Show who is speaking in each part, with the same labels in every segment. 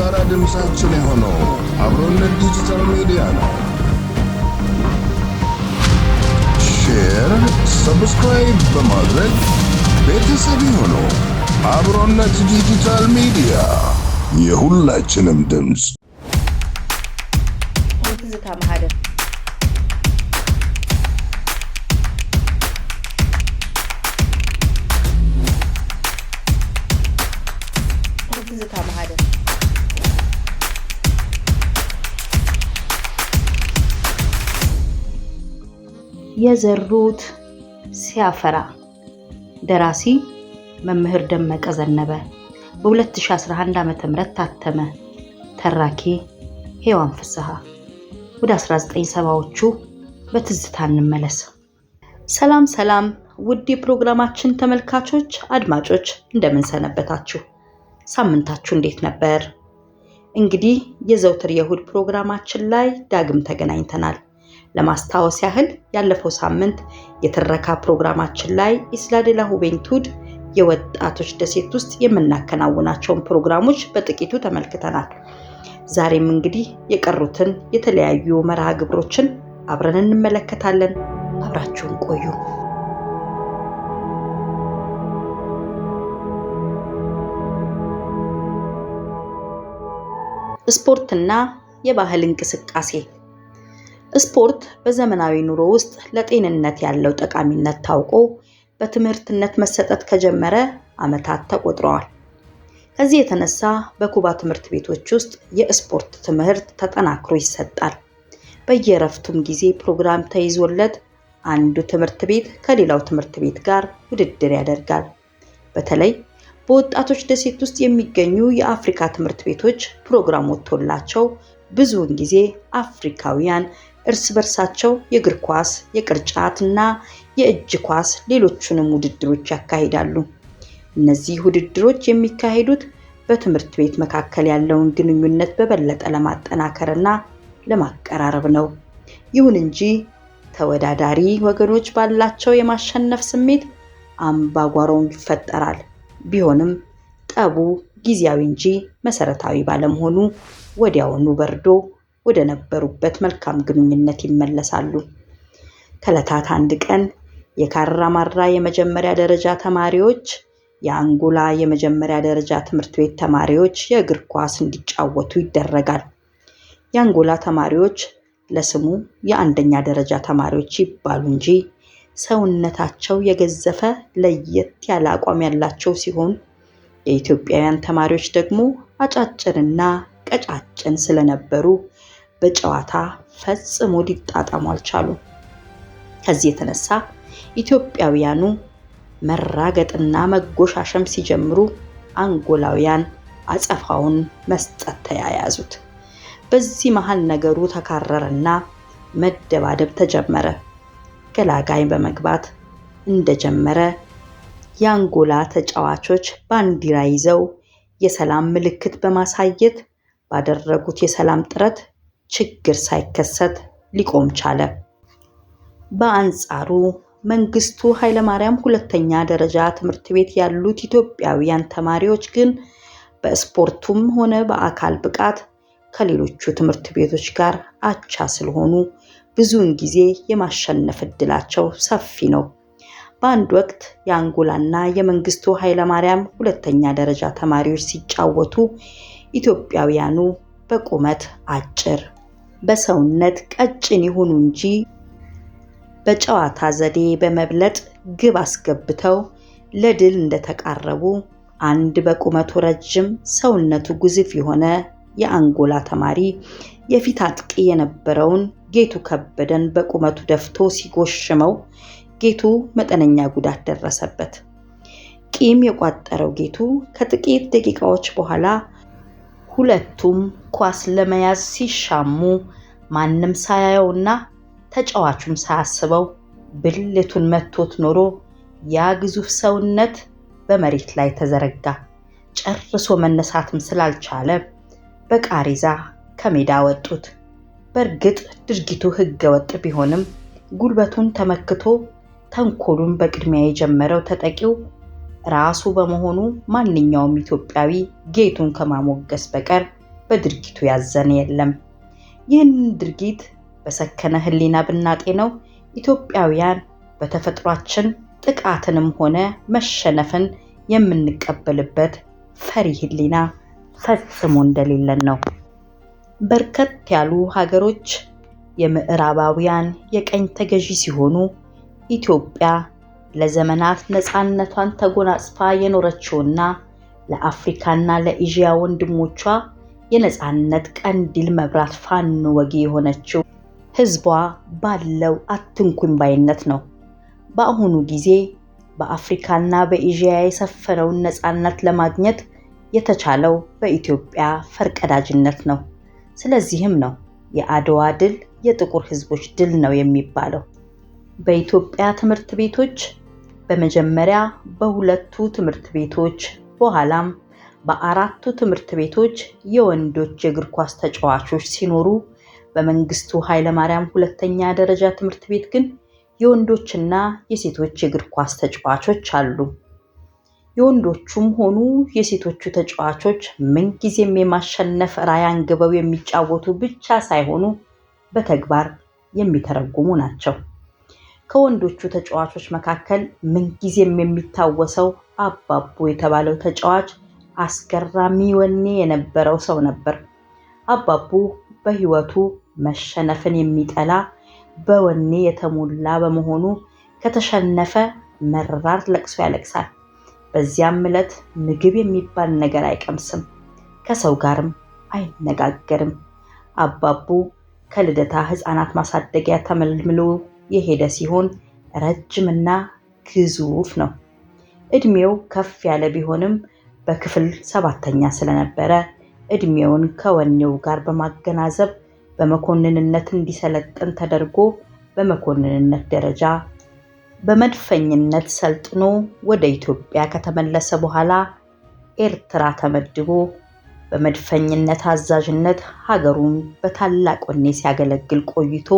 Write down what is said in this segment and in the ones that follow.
Speaker 1: የጋራ ድምፃችን የሆነው አብሮነት ዲጂታል ሚዲያ ነው። ሼር፣ ሰብስክራይብ በማድረግ ቤተሰብ የሆነው አብሮነት ዲጂታል ሚዲያ የሁላችንም ድምፅ የዘሩት ሲያፈራ ደራሲ መምህር ደመቀ ዘነበ በ2011 ዓ.ም ታተመ። ተራኪ ሔዋን ፍስሐ። ወደ 1970ዎቹ በትዝታ እንመለስ። ሰላም ሰላም! ውድ የፕሮግራማችን ተመልካቾች፣ አድማጮች እንደምን ሰነበታችሁ? ሳምንታችሁ እንዴት ነበር? እንግዲህ የዘውትር የእሁድ ፕሮግራማችን ላይ ዳግም ተገናኝተናል። ለማስታወስ ያህል ያለፈው ሳምንት የትረካ ፕሮግራማችን ላይ ኢስላዴላ ዴ ሁቬንቱድ የወጣቶች ደሴት ውስጥ የምናከናውናቸውን ፕሮግራሞች በጥቂቱ ተመልክተናል። ዛሬም እንግዲህ የቀሩትን የተለያዩ መርሃ ግብሮችን አብረን እንመለከታለን። አብራችሁን ቆዩ። ስፖርትና የባህል እንቅስቃሴ ስፖርት በዘመናዊ ኑሮ ውስጥ ለጤንነት ያለው ጠቃሚነት ታውቆ በትምህርትነት መሰጠት ከጀመረ ዓመታት ተቆጥረዋል። ከዚህ የተነሳ በኩባ ትምህርት ቤቶች ውስጥ የስፖርት ትምህርት ተጠናክሮ ይሰጣል። በየረፍቱም ጊዜ ፕሮግራም ተይዞለት አንዱ ትምህርት ቤት ከሌላው ትምህርት ቤት ጋር ውድድር ያደርጋል። በተለይ በወጣቶች ደሴት ውስጥ የሚገኙ የአፍሪካ ትምህርት ቤቶች ፕሮግራም ወጥቶላቸው ብዙውን ጊዜ አፍሪካውያን እርስ በርሳቸው የእግር ኳስ፣ የቅርጫት እና የእጅ ኳስ ሌሎቹንም ውድድሮች ያካሂዳሉ። እነዚህ ውድድሮች የሚካሄዱት በትምህርት ቤት መካከል ያለውን ግንኙነት በበለጠ ለማጠናከር እና ለማቀራረብ ነው። ይሁን እንጂ ተወዳዳሪ ወገኖች ባላቸው የማሸነፍ ስሜት አምባጓሮም ይፈጠራል። ቢሆንም ጠቡ ጊዜያዊ እንጂ መሰረታዊ ባለመሆኑ ወዲያውኑ በርዶ ወደ ነበሩበት መልካም ግንኙነት ይመለሳሉ። ከዕለታት አንድ ቀን የካራ ማራ የመጀመሪያ ደረጃ ተማሪዎች የአንጎላ የመጀመሪያ ደረጃ ትምህርት ቤት ተማሪዎች የእግር ኳስ እንዲጫወቱ ይደረጋል። የአንጎላ ተማሪዎች ለስሙ የአንደኛ ደረጃ ተማሪዎች ይባሉ እንጂ ሰውነታቸው የገዘፈ ለየት ያለ አቋም ያላቸው ሲሆን የኢትዮጵያውያን ተማሪዎች ደግሞ አጫጭንና ቀጫጭን ስለነበሩ በጨዋታ ፈጽሞ ሊጣጣሙ አልቻሉ። ከዚህ የተነሳ ኢትዮጵያውያኑ መራገጥና መጎሻሸም ሲጀምሩ አንጎላውያን አጸፋውን መስጠት ተያያዙት። በዚህ መሃል ነገሩ ተካረረና መደባደብ ተጀመረ። ገላጋይ በመግባት እንደጀመረ የአንጎላ ተጫዋቾች ባንዲራ ይዘው የሰላም ምልክት በማሳየት ባደረጉት የሰላም ጥረት ችግር ሳይከሰት ሊቆም ቻለ። በአንጻሩ መንግስቱ ኃይለማርያም ሁለተኛ ደረጃ ትምህርት ቤት ያሉት ኢትዮጵያውያን ተማሪዎች ግን በስፖርቱም ሆነ በአካል ብቃት ከሌሎቹ ትምህርት ቤቶች ጋር አቻ ስለሆኑ ብዙውን ጊዜ የማሸነፍ እድላቸው ሰፊ ነው። በአንድ ወቅት የአንጎላና የመንግስቱ ኃይለማርያም ሁለተኛ ደረጃ ተማሪዎች ሲጫወቱ ኢትዮጵያውያኑ በቁመት አጭር በሰውነት ቀጭን ይሁኑ እንጂ በጨዋታ ዘዴ በመብለጥ ግብ አስገብተው ለድል እንደተቃረቡ አንድ በቁመቱ ረጅም ሰውነቱ ግዙፍ የሆነ የአንጎላ ተማሪ የፊት አጥቂ የነበረውን ጌቱ ከበደን በቁመቱ ደፍቶ ሲጎሽመው ጌቱ መጠነኛ ጉዳት ደረሰበት። ቂም የቋጠረው ጌቱ ከጥቂት ደቂቃዎች በኋላ ሁለቱም ኳስ ለመያዝ ሲሻሙ ማንም ሳያየውና ተጫዋቹም ሳያስበው ብልቱን መቶት ኖሮ ያ ግዙፍ ሰውነት በመሬት ላይ ተዘረጋ። ጨርሶ መነሳትም ስላልቻለ በቃሬዛ ከሜዳ ወጡት። በእርግጥ ድርጊቱ ሕገ ወጥ ቢሆንም ጉልበቱን ተመክቶ ተንኮሉን በቅድሚያ የጀመረው ተጠቂው ራሱ በመሆኑ ማንኛውም ኢትዮጵያዊ ጌቱን ከማሞገስ በቀር በድርጊቱ ያዘነ የለም። ይህንን ድርጊት በሰከነ ህሊና ብናጤ ነው ኢትዮጵያውያን በተፈጥሯችን ጥቃትንም ሆነ መሸነፍን የምንቀበልበት ፈሪ ህሊና ፈጽሞ እንደሌለን ነው። በርከት ያሉ ሀገሮች የምዕራባውያን የቀኝ ተገዢ ሲሆኑ ኢትዮጵያ ለዘመናት ነፃነቷን ተጎናጽፋ የኖረችውና ለአፍሪካና ለኤዥያ ወንድሞቿ የነፃነት ቀንዲል መብራት ፋኖ ወጊ የሆነችው ህዝቧ ባለው አትንኩኝ ባይነት ነው። በአሁኑ ጊዜ በአፍሪካና በኤዥያ የሰፈነውን ነፃነት ለማግኘት የተቻለው በኢትዮጵያ ፈርቀዳጅነት ነው። ስለዚህም ነው የአድዋ ድል የጥቁር ህዝቦች ድል ነው የሚባለው። በኢትዮጵያ ትምህርት ቤቶች በመጀመሪያ በሁለቱ ትምህርት ቤቶች በኋላም በአራቱ ትምህርት ቤቶች የወንዶች የእግር ኳስ ተጫዋቾች ሲኖሩ በመንግስቱ ኃይለማርያም ሁለተኛ ደረጃ ትምህርት ቤት ግን የወንዶችና የሴቶች የእግር ኳስ ተጫዋቾች አሉ። የወንዶቹም ሆኑ የሴቶቹ ተጫዋቾች ምንጊዜም የማሸነፍ ራዕይ አንግበው የሚጫወቱ ብቻ ሳይሆኑ በተግባር የሚተረጉሙ ናቸው። ከወንዶቹ ተጫዋቾች መካከል ምንጊዜም የሚታወሰው አባቦ የተባለው ተጫዋች አስገራሚ ወኔ የነበረው ሰው ነበር። አባቡ በህይወቱ መሸነፍን የሚጠላ በወኔ የተሞላ በመሆኑ ከተሸነፈ መራር ለቅሶ ያለቅሳል። በዚያም ዕለት ምግብ የሚባል ነገር አይቀምስም፣ ከሰው ጋርም አይነጋገርም። አባቡ ከልደታ ህፃናት ማሳደጊያ ተመልምሎ የሄደ ሲሆን ረጅምና ግዙፍ ነው። እድሜው ከፍ ያለ ቢሆንም በክፍል ሰባተኛ ስለነበረ እድሜውን ከወኔው ጋር በማገናዘብ በመኮንንነት እንዲሰለጥን ተደርጎ በመኮንንነት ደረጃ በመድፈኝነት ሰልጥኖ ወደ ኢትዮጵያ ከተመለሰ በኋላ ኤርትራ ተመድቦ በመድፈኝነት አዛዥነት ሀገሩን በታላቅ ወኔ ሲያገለግል ቆይቶ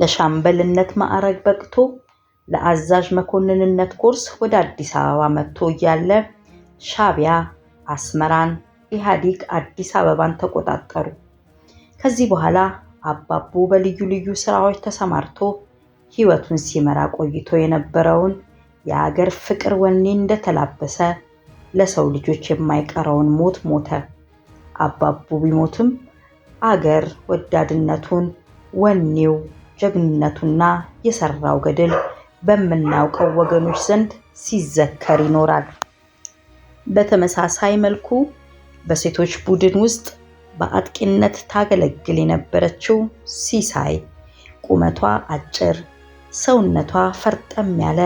Speaker 1: ለሻምበልነት ማዕረግ በቅቶ ለአዛዥ መኮንንነት ኮርስ ወደ አዲስ አበባ መጥቶ እያለ ሻቢያ፣ አስመራን፣ ኢህአዴግ አዲስ አበባን ተቆጣጠሩ። ከዚህ በኋላ አባቡ በልዩ ልዩ ስራዎች ተሰማርቶ ህይወቱን ሲመራ ቆይቶ የነበረውን የአገር ፍቅር ወኔ እንደተላበሰ ለሰው ልጆች የማይቀረውን ሞት ሞተ። አባቡ ቢሞትም አገር ወዳድነቱን፣ ወኔው፣ ጀግንነቱና የሰራው ገድል በምናውቀው ወገኖች ዘንድ ሲዘከር ይኖራል። በተመሳሳይ መልኩ በሴቶች ቡድን ውስጥ በአጥቂነት ታገለግል የነበረችው ሲሳይ ቁመቷ አጭር፣ ሰውነቷ ፈርጠም ያለ፣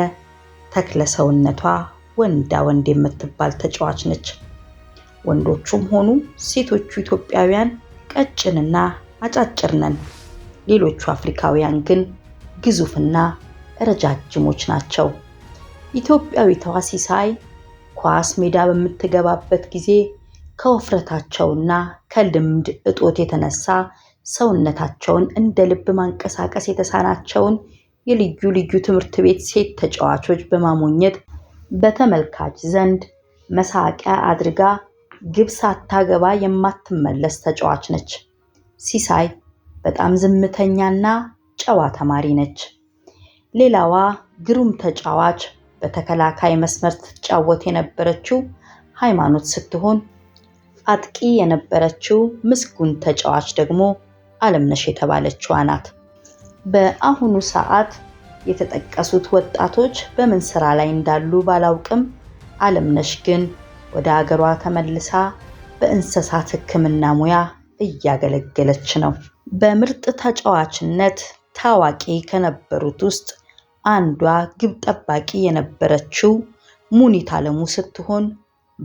Speaker 1: ተክለ ሰውነቷ ወንዳ ወንድ የምትባል ተጫዋች ነች። ወንዶቹም ሆኑ ሴቶቹ ኢትዮጵያውያን ቀጭንና አጫጭር ነን። ሌሎቹ አፍሪካውያን ግን ግዙፍና ረጃጅሞች ናቸው። ኢትዮጵያዊቷ ሲሳይ ኳስ ሜዳ በምትገባበት ጊዜ ከውፍረታቸውና ከልምድ እጦት የተነሳ ሰውነታቸውን እንደ ልብ ማንቀሳቀስ የተሳናቸውን የልዩ ልዩ ትምህርት ቤት ሴት ተጫዋቾች በማሞኘት በተመልካች ዘንድ መሳቂያ አድርጋ ግብ ሳታገባ የማትመለስ ተጫዋች ነች። ሲሳይ በጣም ዝምተኛና ጨዋ ተማሪ ነች። ሌላዋ ግሩም ተጫዋች በተከላካይ መስመር ትጫወት የነበረችው ሃይማኖት ስትሆን አጥቂ የነበረችው ምስጉን ተጫዋች ደግሞ አለምነሽ የተባለችዋ ናት። በአሁኑ ሰዓት የተጠቀሱት ወጣቶች በምን ስራ ላይ እንዳሉ ባላውቅም አለምነሽ ግን ወደ አገሯ ተመልሳ በእንስሳት ሕክምና ሙያ እያገለገለች ነው። በምርጥ ተጫዋችነት ታዋቂ ከነበሩት ውስጥ አንዷ ግብ ጠባቂ የነበረችው ሙኒት አለሙ ስትሆን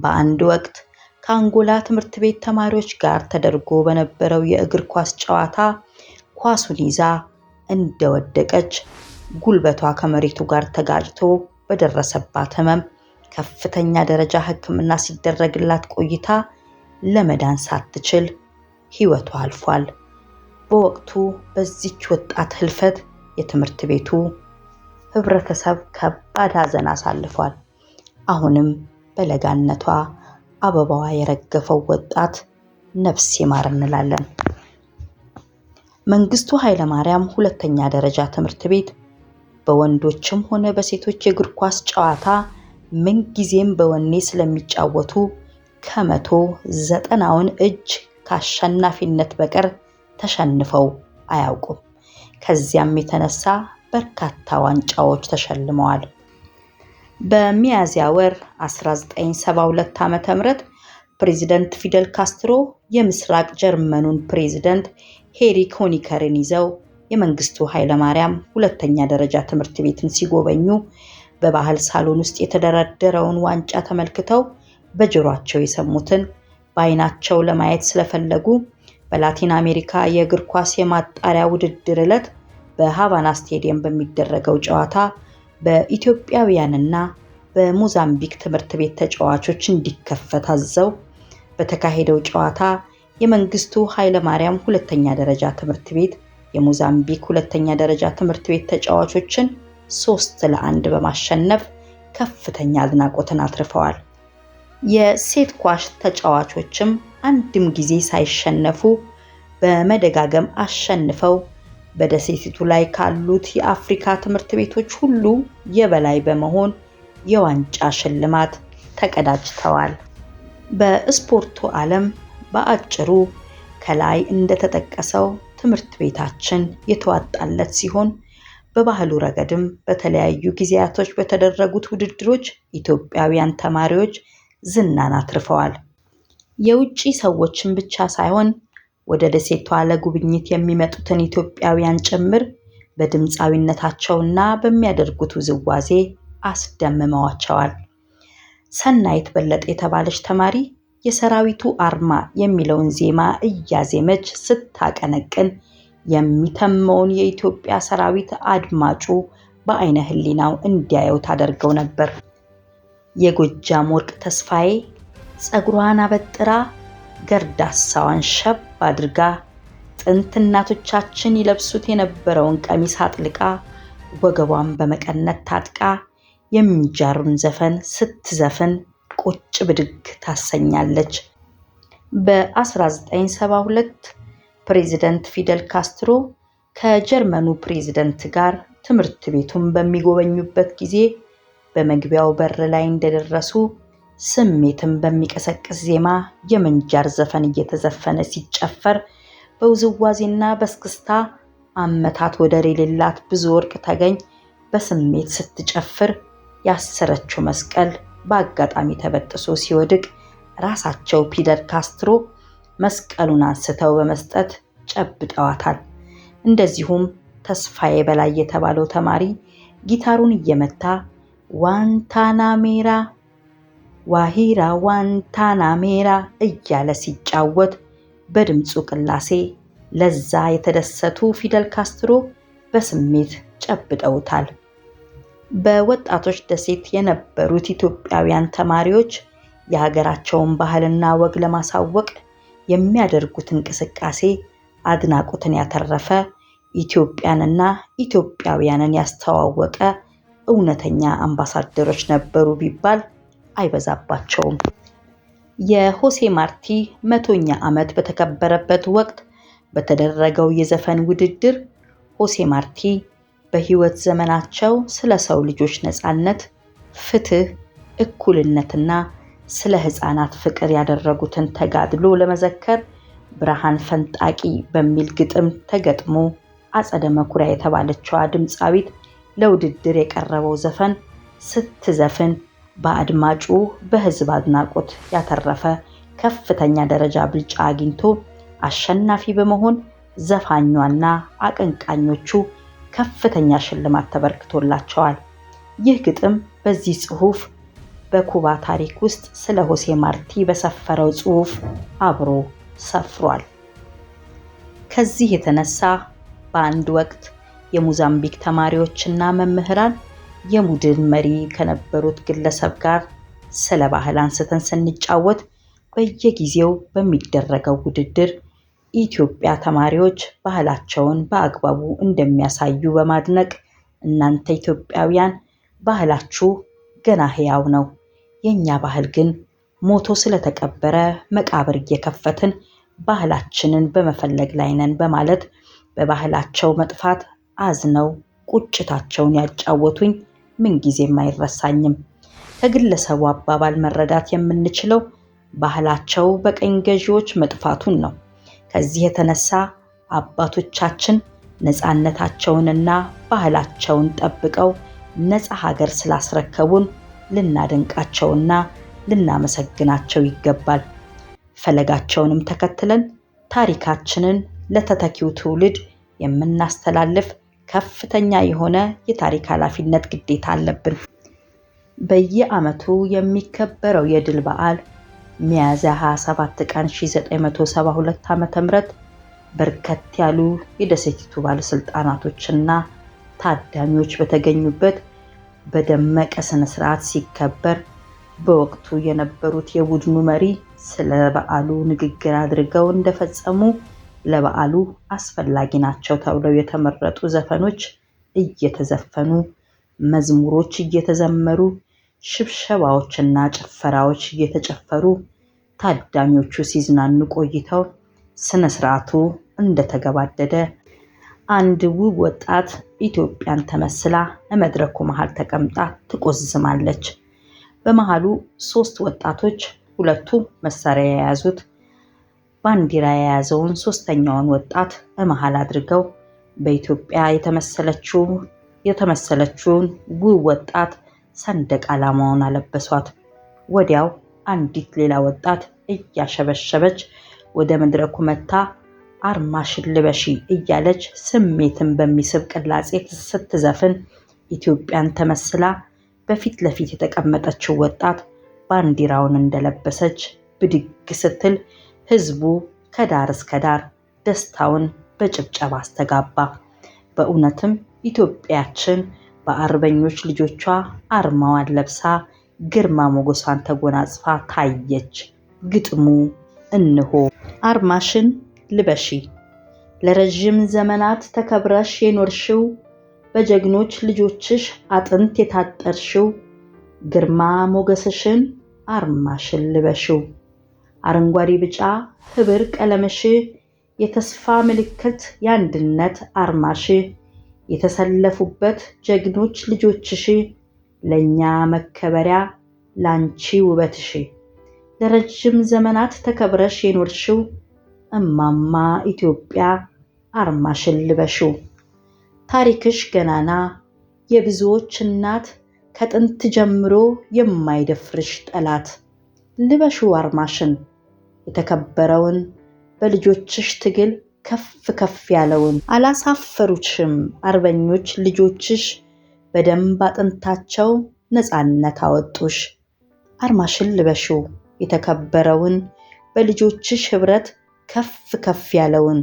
Speaker 1: በአንድ ወቅት ከአንጎላ ትምህርት ቤት ተማሪዎች ጋር ተደርጎ በነበረው የእግር ኳስ ጨዋታ ኳሱን ይዛ እንደወደቀች ጉልበቷ ከመሬቱ ጋር ተጋጭቶ በደረሰባት ሕመም ከፍተኛ ደረጃ ሕክምና ሲደረግላት ቆይታ ለመዳን ሳትችል ሕይወቷ አልፏል። በወቅቱ በዚች ወጣት ህልፈት የትምህርት ቤቱ ህብረተሰብ ከባድ ሐዘን አሳልፏል። አሁንም በለጋነቷ አበባዋ የረገፈው ወጣት ነፍስ ይማር እንላለን። መንግስቱ ኃይለማርያም ሁለተኛ ደረጃ ትምህርት ቤት በወንዶችም ሆነ በሴቶች የእግር ኳስ ጨዋታ ምንጊዜም በወኔ ስለሚጫወቱ ከመቶ ዘጠናውን እጅ ከአሸናፊነት በቀር ተሸንፈው አያውቁም። ከዚያም የተነሳ በርካታ ዋንጫዎች ተሸልመዋል። በሚያዝያ ወር 1972 ም ፕሬዚደንት ፊደል ካስትሮ የምስራቅ ጀርመኑን ፕሬዚደንት ሄሪ ኮኒከርን ይዘው የመንግስቱ ኃይለማርያም ሁለተኛ ደረጃ ትምህርት ቤትን ሲጎበኙ በባህል ሳሎን ውስጥ የተደረደረውን ዋንጫ ተመልክተው በጆሯቸው የሰሙትን በአይናቸው ለማየት ስለፈለጉ በላቲን አሜሪካ የእግር ኳስ የማጣሪያ ውድድር ዕለት በሃቫና ስቴዲየም በሚደረገው ጨዋታ በኢትዮጵያውያንና በሞዛምቢክ ትምህርት ቤት ተጫዋቾች እንዲከፈት አዘው በተካሄደው ጨዋታ የመንግስቱ ኃይለማርያም ሁለተኛ ደረጃ ትምህርት ቤት የሞዛምቢክ ሁለተኛ ደረጃ ትምህርት ቤት ተጫዋቾችን ሶስት ለአንድ በማሸነፍ ከፍተኛ አድናቆትን አትርፈዋል። የሴት ኳሽ ተጫዋቾችም አንድም ጊዜ ሳይሸነፉ በመደጋገም አሸንፈው በደሴቲቱ ላይ ካሉት የአፍሪካ ትምህርት ቤቶች ሁሉ የበላይ በመሆን የዋንጫ ሽልማት ተቀዳጅተዋል። በስፖርቱ ዓለም በአጭሩ ከላይ እንደተጠቀሰው ትምህርት ቤታችን የተዋጣለት ሲሆን በባህሉ ረገድም በተለያዩ ጊዜያቶች በተደረጉት ውድድሮች ኢትዮጵያውያን ተማሪዎች ዝናን አትርፈዋል። የውጭ ሰዎችን ብቻ ሳይሆን ወደ ደሴቷ ለጉብኝት የሚመጡትን ኢትዮጵያውያን ጭምር በድምፃዊነታቸውና በሚያደርጉት ውዝዋዜ አስደምመዋቸዋል። ሰናይት በለጠ የተባለች ተማሪ የሰራዊቱ አርማ የሚለውን ዜማ እያዜመች ስታቀነቅን የሚተመውን የኢትዮጵያ ሰራዊት አድማጩ በአይነ ህሊናው እንዲያየው ታደርገው ነበር። የጎጃም ወርቅ ተስፋዬ ፀጉሯን አበጥራ ገርዳሳዋን ሸብ አድርጋ ጥንት እናቶቻችን ይለብሱት የነበረውን ቀሚስ አጥልቃ ወገቧን በመቀነት ታጥቃ የሚጃሩን ዘፈን ስትዘፍን ቁጭ ብድግ ታሰኛለች። በ1972 ፕሬዚደንት ፊደል ካስትሮ ከጀርመኑ ፕሬዚደንት ጋር ትምህርት ቤቱን በሚጎበኙበት ጊዜ በመግቢያው በር ላይ እንደደረሱ ስሜትን በሚቀሰቅስ ዜማ የምንጃር ዘፈን እየተዘፈነ ሲጨፈር በውዝዋዜና በስክስታ አመታት ወደር የሌላት ብዙ ወርቅ ተገኝ በስሜት ስትጨፍር ያሰረችው መስቀል በአጋጣሚ ተበጥሶ ሲወድቅ ራሳቸው ፒደር ካስትሮ መስቀሉን አንስተው በመስጠት ጨብጠዋታል። እንደዚሁም ተስፋዬ በላይ የተባለው ተማሪ ጊታሩን እየመታ ዋንታናሜራ ዋሂራ ዋንታናሜራ እያለ ሲጫወት በድምፁ ቅላሴ ለዛ የተደሰቱ ፊደል ካስትሮ በስሜት ጨብጠውታል። በወጣቶች ደሴት የነበሩት ኢትዮጵያውያን ተማሪዎች የሀገራቸውን ባህልና ወግ ለማሳወቅ የሚያደርጉት እንቅስቃሴ አድናቆትን ያተረፈ ኢትዮጵያንና ኢትዮጵያውያንን ያስተዋወቀ እውነተኛ አምባሳደሮች ነበሩ ቢባል አይበዛባቸውም። የሆሴ ማርቲ መቶኛ ዓመት በተከበረበት ወቅት በተደረገው የዘፈን ውድድር ሆሴ ማርቲ በሕይወት ዘመናቸው ስለ ሰው ልጆች ነፃነት፣ ፍትህ፣ እኩልነትና ስለ ሕፃናት ፍቅር ያደረጉትን ተጋድሎ ለመዘከር ብርሃን ፈንጣቂ በሚል ግጥም ተገጥሞ አጸደ መኩሪያ የተባለችዋ ድምፃዊት ለውድድር የቀረበው ዘፈን ስትዘፍን በአድማጩ በሕዝብ አድናቆት ያተረፈ ከፍተኛ ደረጃ ብልጫ አግኝቶ አሸናፊ በመሆን ዘፋኟና አቀንቃኞቹ ከፍተኛ ሽልማት ተበርክቶላቸዋል። ይህ ግጥም በዚህ ጽሑፍ በኩባ ታሪክ ውስጥ ስለ ሆሴ ማርቲ በሰፈረው ጽሑፍ አብሮ ሰፍሯል። ከዚህ የተነሳ በአንድ ወቅት የሞዛምቢክ ተማሪዎችና መምህራን የቡድን መሪ ከነበሩት ግለሰብ ጋር ስለ ባህል አንስተን ስንጫወት በየጊዜው በሚደረገው ውድድር ኢትዮጵያ ተማሪዎች ባህላቸውን በአግባቡ እንደሚያሳዩ በማድነቅ እናንተ ኢትዮጵያውያን ባህላችሁ ገና ሕያው ነው፣ የእኛ ባህል ግን ሞቶ ስለተቀበረ መቃብር እየከፈትን ባህላችንን በመፈለግ ላይ ነን በማለት በባህላቸው መጥፋት አዝነው ቁጭታቸውን ያጫወቱኝ ምንጊዜም አይረሳኝም። ከግለሰቡ አባባል መረዳት የምንችለው ባህላቸው በቀኝ ገዢዎች መጥፋቱን ነው። ከዚህ የተነሳ አባቶቻችን ነፃነታቸውንና ባህላቸውን ጠብቀው ነፃ ሀገር ስላስረከቡን ልናደንቃቸውና ልናመሰግናቸው ይገባል። ፈለጋቸውንም ተከትለን ታሪካችንን ለተተኪው ትውልድ የምናስተላልፍ ከፍተኛ የሆነ የታሪክ ኃላፊነት ግዴታ አለብን። በየዓመቱ የሚከበረው የድል በዓል ሚያዝያ 27 ቀን 1972 ዓ ም በርከት ያሉ የደሴቲቱ ባለስልጣናቶችና ታዳሚዎች በተገኙበት በደመቀ ሥነ ሥርዓት ሲከበር በወቅቱ የነበሩት የቡድኑ መሪ ስለ በዓሉ ንግግር አድርገው እንደፈጸሙ ለበዓሉ አስፈላጊ ናቸው ተብለው የተመረጡ ዘፈኖች እየተዘፈኑ መዝሙሮች እየተዘመሩ ሽብሸባዎችና ጭፈራዎች እየተጨፈሩ ታዳሚዎቹ ሲዝናኑ ቆይተው ስነ ስርዓቱ እንደተገባደደ አንድ ውብ ወጣት ኢትዮጵያን ተመስላ ለመድረኩ መሃል ተቀምጣ ትቆዝማለች። በመሃሉ ሶስት ወጣቶች ሁለቱ መሳሪያ የያዙት ባንዲራ የያዘውን ሶስተኛውን ወጣት በመሃል አድርገው በኢትዮጵያ የተመሰለችውን ውብ ወጣት ሰንደቅ ዓላማውን አለበሷት። ወዲያው አንዲት ሌላ ወጣት እያሸበሸበች ወደ መድረኩ መታ አርማሽን ልበሺ እያለች ስሜትን በሚስብ ቅላጼ ስትዘፍን ኢትዮጵያን ተመስላ በፊት ለፊት የተቀመጠችው ወጣት ባንዲራውን እንደለበሰች ብድግ ስትል ህዝቡ ከዳር እስከ ዳር ደስታውን በጭብጨባ አስተጋባ። በእውነትም ኢትዮጵያችን በአርበኞች ልጆቿ አርማዋን ለብሳ ግርማ ሞገሷን ተጎናጽፋ ታየች። ግጥሙ እንሆ። አርማሽን ልበሺ ለረዥም ዘመናት ተከብረሽ የኖርሽው በጀግኖች ልጆችሽ አጥንት የታጠርሽው ግርማ ሞገስሽን አርማሽን ልበሺው። አረንጓዴ ቢጫ ህብር ቀለምሽ የተስፋ ምልክት የአንድነት አርማሽ የተሰለፉበት ጀግኖች ልጆችሽ ለእኛ መከበሪያ ላንቺ ውበትሽ ለረጅም ዘመናት ተከብረሽ የኖርሽው እማማ ኢትዮጵያ አርማሽን ልበሹ! ታሪክሽ ገናና የብዙዎች እናት ከጥንት ጀምሮ የማይደፍርሽ ጠላት ልበሹ አርማሽን የተከበረውን በልጆችሽ ትግል ከፍ ከፍ ያለውን አላሳፈሩሽም። አርበኞች ልጆችሽ በደንብ አጥንታቸው ነፃነት አወጡሽ። አርማሽን ልበሽው የተከበረውን በልጆችሽ ኅብረት ከፍ ከፍ ያለውን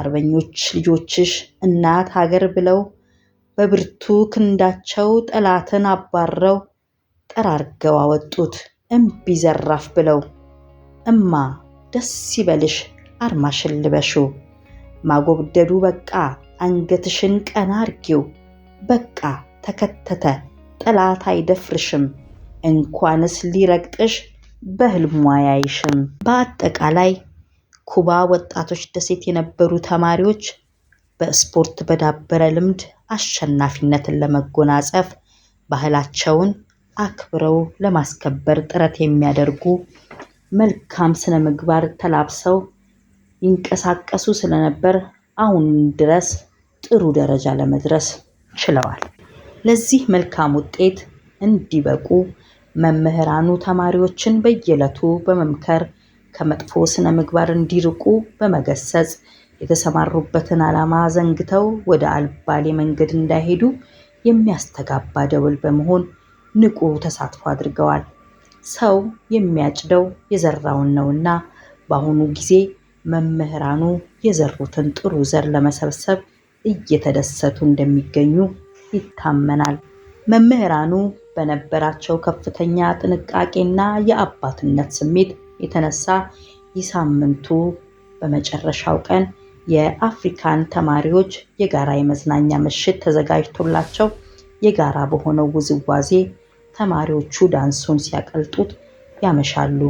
Speaker 1: አርበኞች ልጆችሽ እናት ሀገር ብለው በብርቱ ክንዳቸው ጠላትን አባረው ጠራርገው አወጡት እምቢ ዘራፍ ብለው እማ ደስ ይበልሽ አርማሽን ልበሹ፣ ማጎብደዱ በቃ አንገትሽን ቀና አርጊው፣ በቃ ተከተተ ጠላት አይደፍርሽም፣ እንኳንስ ሊረግጥሽ በህልሙ አያይሽም። በአጠቃላይ ኩባ ወጣቶች ደሴት የነበሩ ተማሪዎች በስፖርት በዳበረ ልምድ አሸናፊነትን ለመጎናጸፍ ባህላቸውን አክብረው ለማስከበር ጥረት የሚያደርጉ መልካም ስነ ምግባር ተላብሰው ይንቀሳቀሱ ስለነበር አሁን ድረስ ጥሩ ደረጃ ለመድረስ ችለዋል። ለዚህ መልካም ውጤት እንዲበቁ መምህራኑ ተማሪዎችን በየዕለቱ በመምከር ከመጥፎ ስነ ምግባር እንዲርቁ በመገሰጽ የተሰማሩበትን ዓላማ ዘንግተው ወደ አልባሌ መንገድ እንዳይሄዱ የሚያስተጋባ ደወል በመሆን ንቁ ተሳትፎ አድርገዋል። ሰው የሚያጭደው የዘራውን ነውና በአሁኑ ጊዜ መምህራኑ የዘሩትን ጥሩ ዘር ለመሰብሰብ እየተደሰቱ እንደሚገኙ ይታመናል። መምህራኑ በነበራቸው ከፍተኛ ጥንቃቄና የአባትነት ስሜት የተነሳ የሳምንቱ በመጨረሻው ቀን የአፍሪካን ተማሪዎች የጋራ የመዝናኛ ምሽት ተዘጋጅቶላቸው የጋራ በሆነው ውዝዋዜ ተማሪዎቹ ዳንሱን ሲያቀልጡት ያመሻሉ።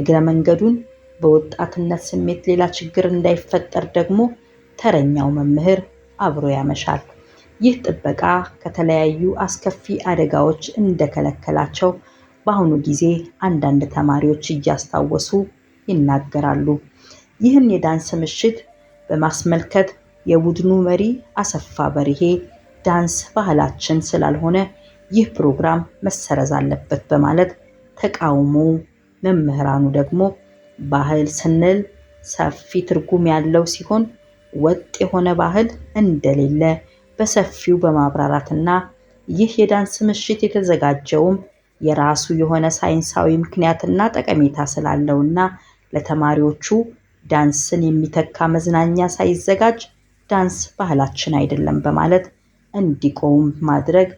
Speaker 1: እግረ መንገዱን በወጣትነት ስሜት ሌላ ችግር እንዳይፈጠር ደግሞ ተረኛው መምህር አብሮ ያመሻል። ይህ ጥበቃ ከተለያዩ አስከፊ አደጋዎች እንደከለከላቸው በአሁኑ ጊዜ አንዳንድ ተማሪዎች እያስታወሱ ይናገራሉ። ይህን የዳንስ ምሽት በማስመልከት የቡድኑ መሪ አሰፋ በርሄ ዳንስ ባህላችን ስላልሆነ ይህ ፕሮግራም መሰረዝ አለበት በማለት ተቃውሞ፣ መምህራኑ ደግሞ ባህል ስንል ሰፊ ትርጉም ያለው ሲሆን ወጥ የሆነ ባህል እንደሌለ በሰፊው በማብራራትና ይህ የዳንስ ምሽት የተዘጋጀውም የራሱ የሆነ ሳይንሳዊ ምክንያትና ጠቀሜታ ስላለውና ለተማሪዎቹ ዳንስን የሚተካ መዝናኛ ሳይዘጋጅ ዳንስ ባህላችን አይደለም በማለት እንዲቆም ማድረግ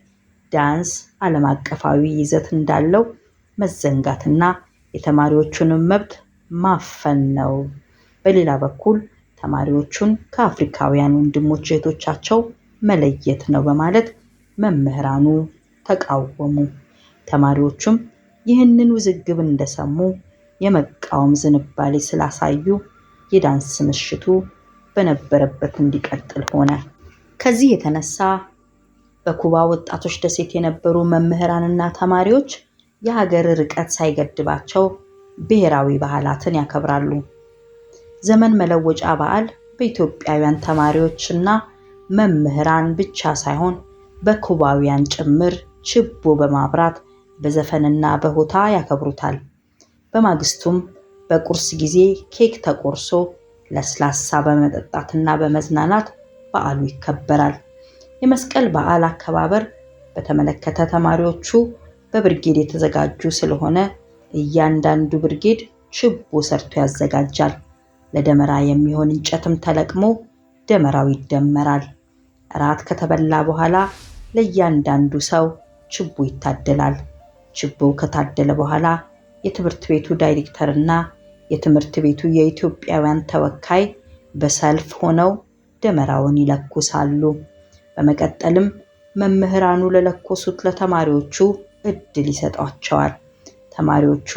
Speaker 1: ዳንስ ዓለም አቀፋዊ ይዘት እንዳለው መዘንጋትና የተማሪዎቹንም መብት ማፈን ነው። በሌላ በኩል ተማሪዎቹን ከአፍሪካውያን ወንድሞች እህቶቻቸው መለየት ነው በማለት መምህራኑ ተቃወሙ። ተማሪዎቹም ይህንን ውዝግብ እንደሰሙ የመቃወም ዝንባሌ ስላሳዩ የዳንስ ምሽቱ በነበረበት እንዲቀጥል ሆነ። ከዚህ የተነሳ በኩባ ወጣቶች ደሴት የነበሩ መምህራንና ተማሪዎች የሀገር ርቀት ሳይገድባቸው ብሔራዊ ባህላትን ያከብራሉ። ዘመን መለወጫ በዓል በኢትዮጵያውያን ተማሪዎችና መምህራን ብቻ ሳይሆን በኩባውያን ጭምር ችቦ በማብራት በዘፈንና በሆታ ያከብሩታል። በማግስቱም በቁርስ ጊዜ ኬክ ተቆርሶ ለስላሳ በመጠጣትና በመዝናናት በዓሉ ይከበራል። የመስቀል በዓል አከባበር በተመለከተ ተማሪዎቹ በብርጌድ የተዘጋጁ ስለሆነ እያንዳንዱ ብርጌድ ችቦ ሰርቶ ያዘጋጃል። ለደመራ የሚሆን እንጨትም ተለቅሞ ደመራው ይደመራል። እራት ከተበላ በኋላ ለእያንዳንዱ ሰው ችቦ ይታደላል። ችቦው ከታደለ በኋላ የትምህርት ቤቱ ዳይሬክተር እና የትምህርት ቤቱ የኢትዮጵያውያን ተወካይ በሰልፍ ሆነው ደመራውን ይለኩሳሉ። በመቀጠልም መምህራኑ ለለኮሱት ለተማሪዎቹ እድል ይሰጧቸዋል። ተማሪዎቹ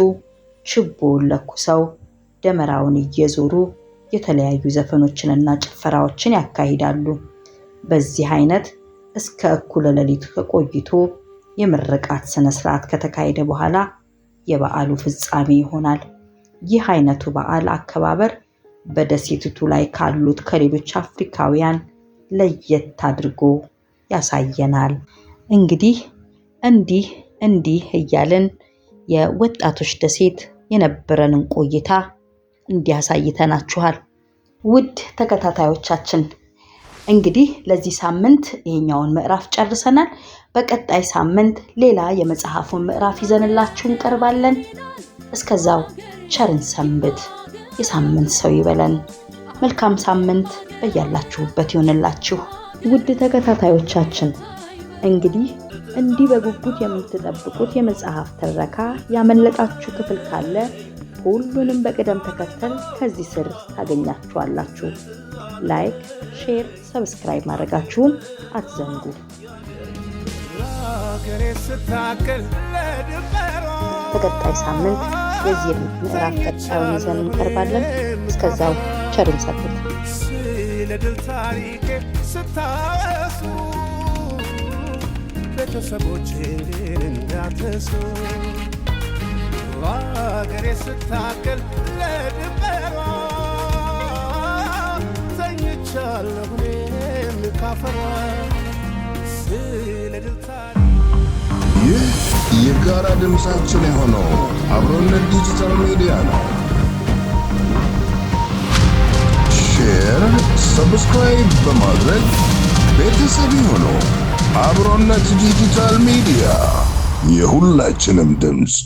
Speaker 1: ችቦውን ለኩሰው ደመራውን እየዞሩ የተለያዩ ዘፈኖችንና ጭፈራዎችን ያካሂዳሉ። በዚህ አይነት እስከ እኩለ ሌሊቱ ተቆይቶ የምርቃት ስነ ስርዓት ከተካሄደ በኋላ የበዓሉ ፍጻሜ ይሆናል። ይህ አይነቱ በዓል አከባበር በደሴቲቱ ላይ ካሉት ከሌሎች አፍሪካውያን ለየት አድርጎ ያሳየናል። እንግዲህ እንዲህ እንዲህ እያልን የወጣቶች ደሴት የነበረንን ቆይታ እንዲያሳይተናችኋል። ውድ ተከታታዮቻችን እንግዲህ ለዚህ ሳምንት ይሄኛውን ምዕራፍ ጨርሰናል። በቀጣይ ሳምንት ሌላ የመጽሐፉን ምዕራፍ ይዘንላችሁ እንቀርባለን። እስከዛው ቸርን ሰንብት። የሳምንት ሰው ይበለን። መልካም ሳምንት በያላችሁበት ይሆንላችሁ። ውድ ተከታታዮቻችን እንግዲህ እንዲህ በጉጉት የምትጠብቁት የመጽሐፍ ትረካ ያመለጣችሁ ክፍል ካለ ሁሉንም በቅደም ተከተል ከዚህ ስር ታገኛችኋላችሁ። ላይክ፣ ሼር፣ ሰብስክራይብ ማድረጋችሁን አትዘንጉ። በቀጣይ ሳምንት የዚህ ምዕራፍ ቀጣዩን ይዘን እንቀርባለን። እስከዛው ቸርን ሰንብት። ስለ ድል ታሪክ ስታወሱ ቤተሰቦቼ እንዳትረሱ ስታገል ለድንበሯ ተኝቻለሁ እኔም ካፈሯ ስለ ድል ታሪክ ይህ የጋራ ድምፃችን የሆነው አብሮነት ዲጂታል ሚዲያ ነው። ሼር፣ ሰብስክራይብ በማድረግ ቤተሰብ ይሁኑ። አብሮነት ዲጂታል ሚዲያ የሁላችንም ድምፅ